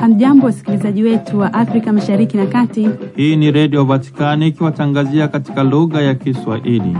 Hamjambo, wasikilizaji wetu wa Afrika Mashariki na Kati. Hii ni Redio Vatikani ikiwatangazia katika lugha ya Kiswahili.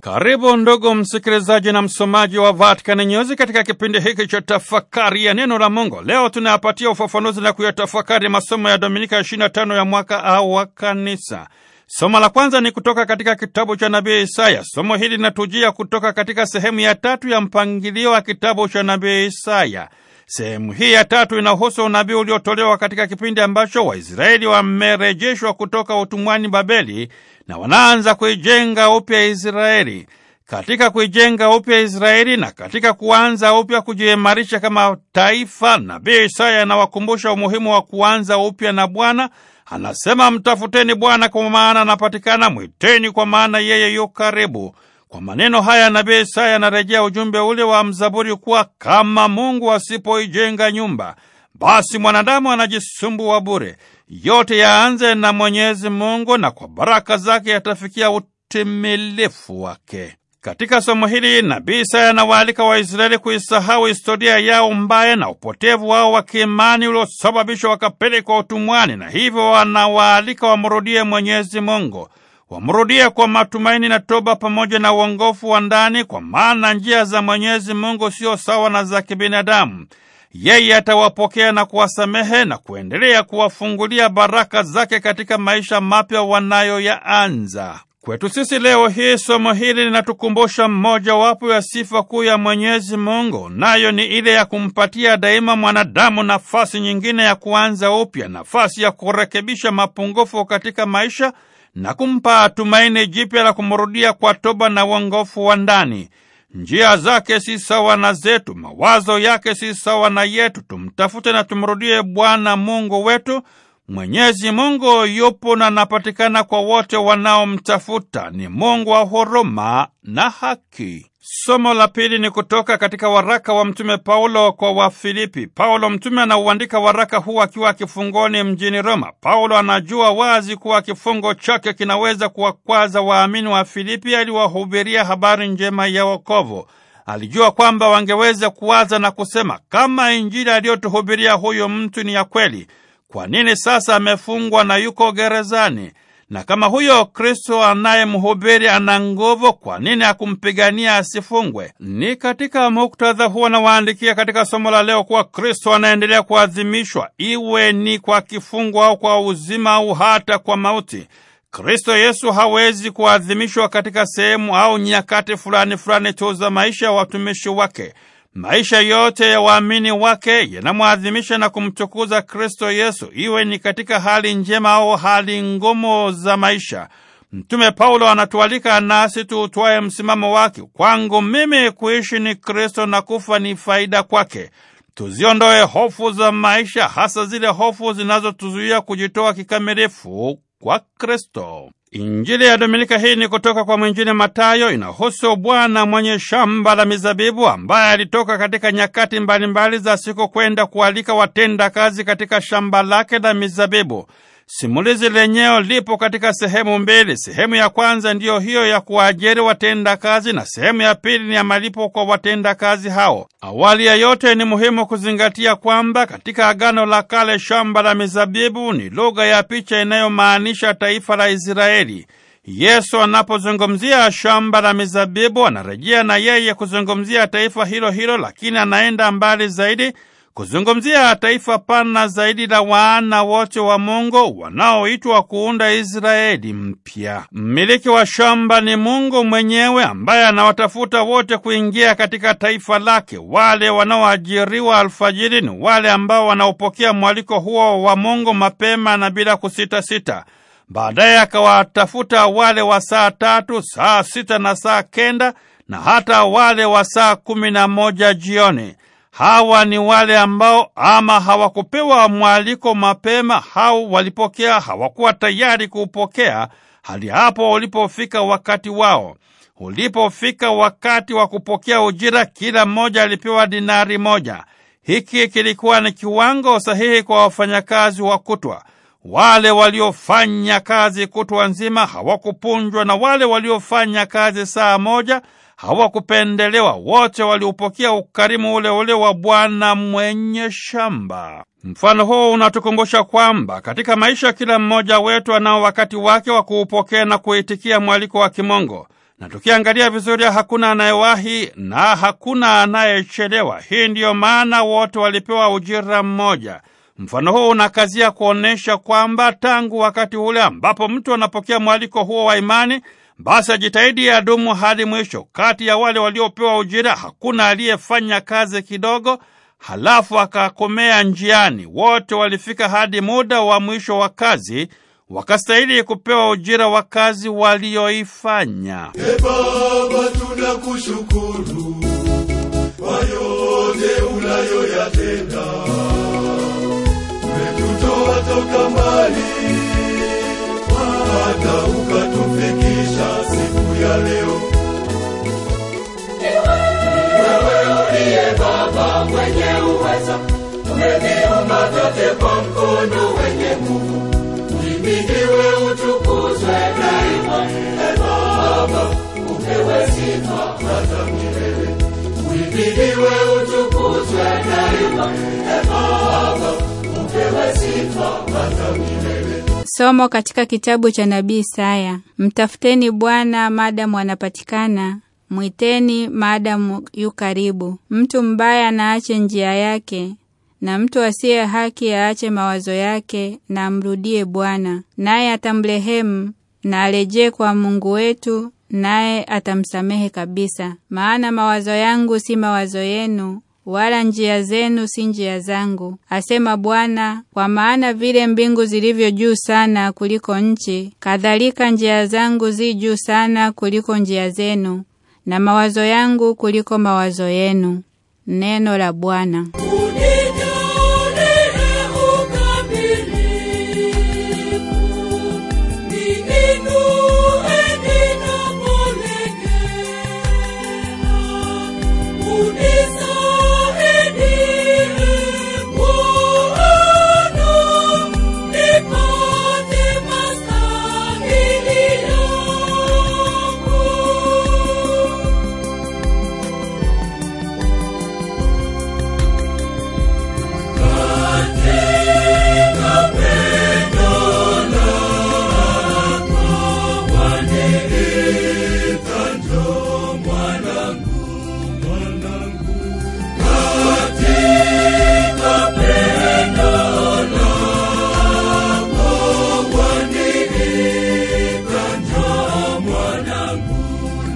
Karibu ndugu msikilizaji na msomaji wa Vatikani nyeuzi katika kipindi hiki cha tafakari ya neno la Mungu. Leo tunayapatia ufafanuzi na kuyatafakari masomo ya Dominika 25 ya mwaka A wa Kanisa. Somo la kwanza ni kutoka katika kitabu cha nabii Isaya. Somo hili linatujia kutoka katika sehemu ya tatu ya mpangilio wa kitabu cha nabii Isaya. Sehemu hii ya tatu inahusu unabii uliotolewa katika kipindi ambacho Waisraeli wamerejeshwa kutoka utumwani Babeli na wanaanza kuijenga upya Israeli katika kuijenga upya Israeli na katika kuanza upya kujiimarisha kama taifa. Nabii Isaya anawakumbusha umuhimu wa kuanza upya na Bwana. Anasema, mtafuteni Bwana kwa maana anapatikana, mwiteni kwa maana yeye yu karibu. Kwa maneno haya nabii Isaya anarejea ujumbe ule wa mzaburi kuwa kama Mungu asipoijenga nyumba, basi mwanadamu anajisumbua bure. Yote yaanze na Mwenyezi Mungu, na kwa baraka zake yatafikia utimilifu wake. Katika somo hili Nabii Isaya anawaalika Waisraeli kuisahau historia yao mbaya na upotevu wao wa kiimani uliosababishwa wakapelekwa utumwani, na hivyo anawaalika wamrudie Mwenyezi Mungu, wamrudie kwa matumaini na toba pamoja na uongofu wa ndani, kwa maana njia za Mwenyezi Mungu sio sawa na za kibinadamu. Yeye atawapokea na kuwasamehe na kuendelea kuwafungulia baraka zake katika maisha mapya wanayoyaanza. Kwetu sisi leo hii somo hili linatukumbusha mmojawapo ya sifa kuu ya Mwenyezi Mungu, nayo ni ile ya kumpatia daima mwanadamu nafasi nyingine ya kuanza upya, nafasi ya kurekebisha mapungufu katika maisha na kumpa tumaini jipya la kumrudia kwa toba na uongofu wa ndani. Njia zake si sawa na zetu, mawazo yake si sawa na yetu. Tumtafute na tumrudie Bwana Mungu wetu Mwenyezi Mungu yupo na anapatikana kwa wote wanaomtafuta. Ni Mungu wa huruma na haki. Somo la pili ni kutoka katika waraka wa Mtume Paulo kwa Wafilipi. Paulo mtume anauandika waraka huu akiwa kifungoni mjini Roma. Paulo anajua wazi kuwa kifungo chake kinaweza kuwakwaza waamini wa Filipi aliwahubiria habari njema ya wokovu. Alijua kwamba wangeweza kuwaza na kusema, kama Injili aliyotuhubiria huyo mtu ni ya kweli kwa nini sasa amefungwa na yuko gerezani? Na kama huyo Kristo anayemhubiri ana nguvu, kwa nini akumpigania asifungwe? Ni katika muktadha huo nawaandikia katika somo la leo kuwa Kristo anaendelea kuadhimishwa, iwe ni kwa kifungo au kwa uzima au hata kwa mauti. Kristo Yesu hawezi kuadhimishwa katika sehemu au nyakati fulani fulani tu za maisha ya watumishi wake. Maisha yote ya waamini wake yanamwadhimisha na kumtukuza Kristo Yesu, iwe ni katika hali njema au hali ngumu za maisha. Mtume Paulo anatualika nasi tuutwaye msimamo wake, kwangu mimi kuishi ni Kristo na kufa ni faida kwake. Tuziondoe hofu za maisha, hasa zile hofu zinazotuzuia kujitoa kikamilifu kwa Kristo. Injili ya Dominika hii ni kutoka kwa mwinjili Matayo, inahusu bwana mwenye shamba la mizabibu ambaye alitoka katika nyakati mbalimbali za siku kwenda kualika watenda kazi katika shamba lake la mizabibu. Simulizi lenyewe lipo katika sehemu mbili. Sehemu ya kwanza ndiyo hiyo ya watenda watendakazi na sehemu ya pili ni ya malipo kwa watendakazi hao. Awali ya yote, ni muhimu kuzingatia kwamba katika Agano la Kale shamba la mizabibu ni lugha ya picha inayomaanisha taifa la Israeli. Yesu anapozungumzia shamba la mizabibu anarejea na yeye kuzungumzia taifa hilo hilo, lakini anaenda mbali zaidi kuzungumzia taifa pana zaidi la wana wote wa Mungu wanaoitwa kuunda Israeli mpya. Mmiliki wa shamba ni Mungu mwenyewe ambaye anawatafuta wote kuingia katika taifa lake. Wale wanaoajiriwa alfajiri ni wale ambao wanaopokea mwaliko huo wa Mungu mapema na bila kusitasita. Baadaye akawatafuta wale wa saa tatu, saa sita na saa kenda na hata wale wa saa kumi na moja jioni. Hawa ni wale ambao ama hawakupewa mwaliko mapema, hao walipokea, hawakuwa tayari kuupokea hadi hapo ulipofika wakati wao. Ulipofika wakati wa kupokea ujira, kila mmoja alipewa dinari moja. Hiki kilikuwa ni kiwango sahihi kwa wafanyakazi wa kutwa. Wale waliofanya kazi kutwa nzima hawakupunjwa, na wale waliofanya kazi saa moja hawakupendelewa, wote waliupokea ukarimu ule ule wa Bwana mwenye shamba. Mfano huu unatukumbusha kwamba katika maisha kila mmoja wetu anao wakati wake wa kuupokea na kuitikia mwaliko wa kimongo na tukiangalia vizuri, hakuna anayewahi na hakuna anayechelewa. Hii ndiyo maana wote walipewa ujira mmoja. Mfano huu unakazia kuonyesha kwamba tangu wakati ule ambapo mtu anapokea mwaliko huo wa imani, basi ajitahidi adumu hadi mwisho. Kati ya wale waliopewa ujira hakuna aliyefanya kazi kidogo halafu akakomea njiani. Wote walifika hadi muda wa mwisho wa kazi, wakastahili kupewa ujira wa kazi walioifanya. E Baba, tunakushukuru kwa yote unayoyatenda, umetutoa toka hata ya leo. Wewe uliye Baba mwenye uweza, umeviumba vyote kwa mkono wenye nguvu, uhimidiwe, utukuzwe daima. E Baba, upewe sifa hata milele. Uhimidiwe, utukuzwe daima. E Baba, upewe sifa hata milele. Somo katika kitabu cha nabii Isaya. Mtafuteni Bwana maadamu anapatikana, mwiteni maadamu yu karibu. Mtu mbaya naache njia yake, na mtu asiye haki aache mawazo yake, na amrudie Bwana, naye atamrehemu, na arejee kwa Mungu wetu, naye atamsamehe kabisa. Maana mawazo yangu si mawazo yenu, wala njia zenu si njia zangu, asema Bwana. Kwa maana vile mbingu zilivyo juu sana kuliko nchi, kadhalika njia zangu zi juu sana kuliko njia zenu, na mawazo yangu kuliko mawazo yenu. Neno la Bwana.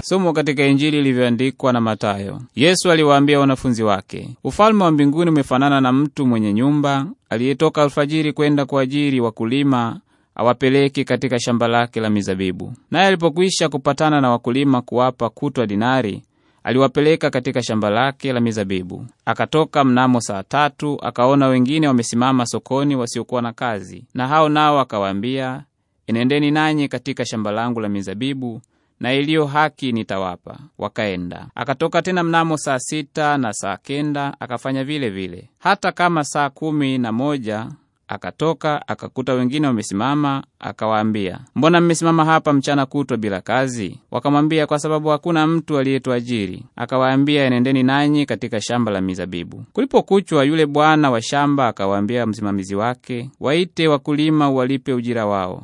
Somo katika Injili ilivyoandikwa na Matayo. Yesu aliwaambia wanafunzi wake, ufalme wa mbinguni umefanana na mtu mwenye nyumba aliyetoka alfajiri kwenda kuajiri wakulima awapeleke katika shamba lake la mizabibu. Naye alipokwisha kupatana na wakulima kuwapa kutwa dinari, aliwapeleka katika shamba lake la mizabibu. Akatoka mnamo saa tatu, akaona wengine wamesimama sokoni wasiokuwa na kazi, na hao nao akawaambia, enendeni nanyi katika shamba langu la mizabibu na iliyo haki nitawapa. Wakaenda. Akatoka tena mnamo saa sita na saa kenda akafanya vile vile. Hata kama saa kumi na moja akatoka akakuta wengine wamesimama, akawaambia, mbona mmesimama hapa mchana kutwa bila kazi? Wakamwambia, kwa sababu hakuna mtu aliyetuajiri. Akawaambia, enendeni nanyi katika shamba la mizabibu. Kulipokuchwa, yule bwana wa shamba akawaambia msimamizi wake, waite wakulima uwalipe ujira wao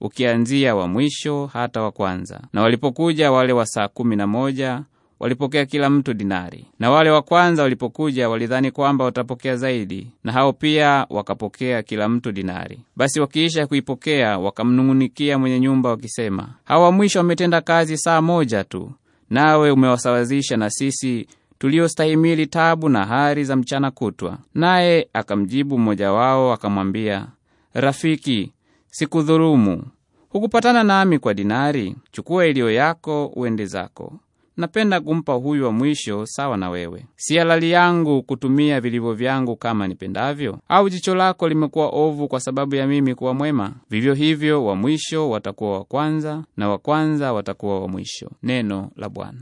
ukianzia wa mwisho hata wa kwanza. Na walipokuja wale wa saa kumi na moja walipokea kila mtu dinari. Na wale wa kwanza walipokuja walidhani kwamba watapokea zaidi, na hao pia wakapokea kila mtu dinari. Basi wakiisha kuipokea wakamnung'unikia mwenye nyumba wakisema, hawa wa mwisho wametenda kazi saa moja tu, nawe umewasawazisha na sisi tuliostahimili tabu na hari za mchana kutwa. Naye akamjibu mmoja wao akamwambia, Rafiki, sikudhulumu. Hukupatana nami kwa dinari? Chukua iliyo yako uende zako. Napenda kumpa huyu wa mwisho sawa na wewe. Si halali yangu kutumia vilivyo vyangu kama nipendavyo? Au jicho lako limekuwa ovu kwa sababu ya mimi kuwa mwema? Vivyo hivyo, wa mwisho watakuwa wa kwanza, na wa kwanza watakuwa wa mwisho. Neno la Bwana.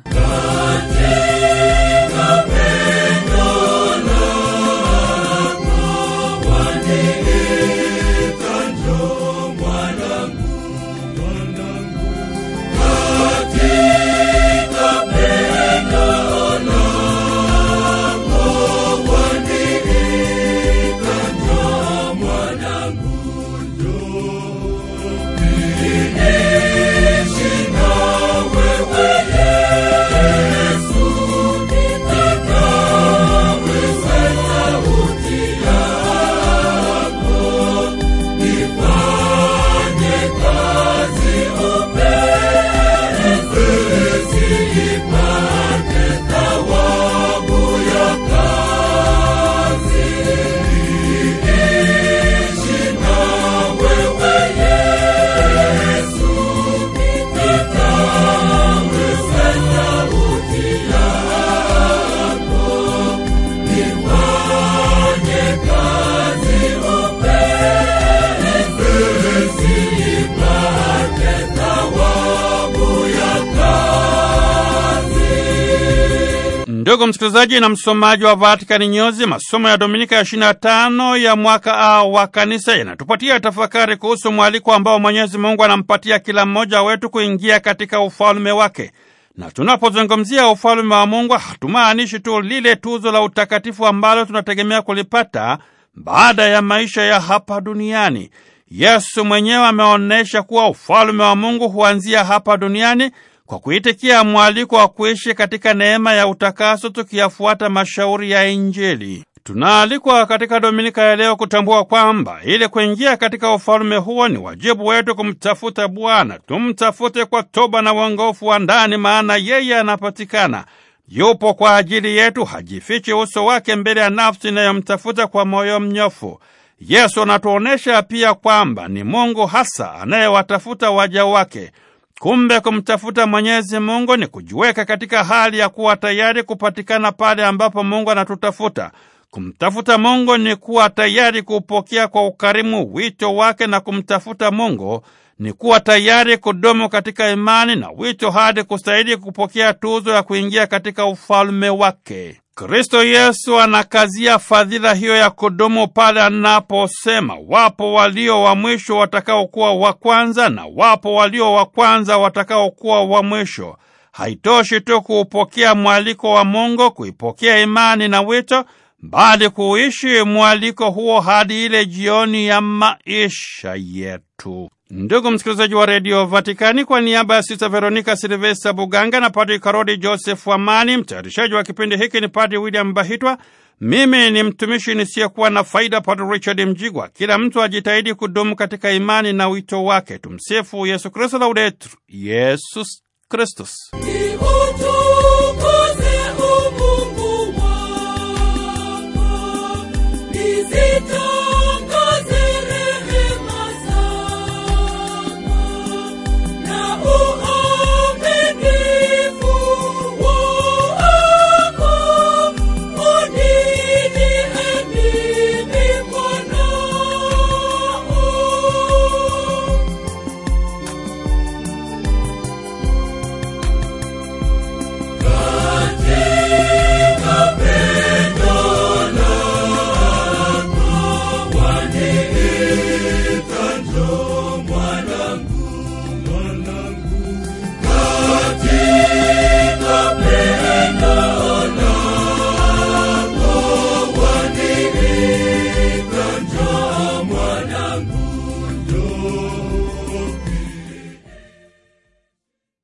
Ndugu msikilizaji na msomaji wa Vatikani News, masomo ya Dominika ya 25 ya mwaka A wa kanisa yanatupatia tafakari kuhusu mwaliko ambao Mwenyezi Mungu anampatia kila mmoja wetu kuingia katika ufalme wake. Na tunapozungumzia ufalme wa Mungu hatumaanishi tu lile tuzo la utakatifu ambalo tunategemea kulipata baada ya maisha ya hapa duniani. Yesu mwenyewe ameonyesha kuwa ufalme wa Mungu huanzia hapa duniani kwa kuitikia mwaliko wa kuishi katika neema ya utakaso tukiyafuata mashauri ya Injili, tunaalikwa katika dominika ya leo kutambua kwamba ili kuingia katika ufalume huo ni wajibu wetu kumtafuta Bwana. Tumtafute kwa toba na uongofu wa ndani, maana yeye anapatikana, yupo kwa ajili yetu, hajifichi uso wake mbele ya nafsi inayomtafuta kwa moyo mnyofu. Yesu anatuonyesha pia kwamba ni Mungu hasa anayewatafuta waja wake. Kumbe kumtafuta Mwenyezi Mungu ni kujiweka katika hali ya kuwa tayari kupatikana pale ambapo Mungu anatutafuta. Kumtafuta Mungu ni kuwa tayari kupokea kwa ukarimu wito wake, na kumtafuta Mungu ni kuwa tayari kudumu katika imani na wito hadi kustahili kupokea tuzo ya kuingia katika ufalme wake. Kristo Yesu anakazia fadhila hiyo ya kudumu pale anaposema, wapo walio wa mwisho watakaokuwa wa kwanza na wapo walio wa kwanza watakaokuwa wa mwisho. Haitoshi tu kuupokea mwaliko wa Mungu, kuipokea imani na wito, bali kuishi mwaliko huo hadi ile jioni ya maisha yetu tu. Ndugu msikilizaji wa redio Vatikani, kwa niaba ya Sista Veronika Silvesta Buganga na Padri Karodi Joseph Amani, mtayarishaji wa kipindi hiki ni Padri William Bahitwa. Mimi ni mtumishi nisiyekuwa na faida, Padri Richard Mjigwa. Kila mtu ajitahidi kudumu katika imani na wito wake. Tumsifu Yesu Kristo, Laudetur Yesus Kristus.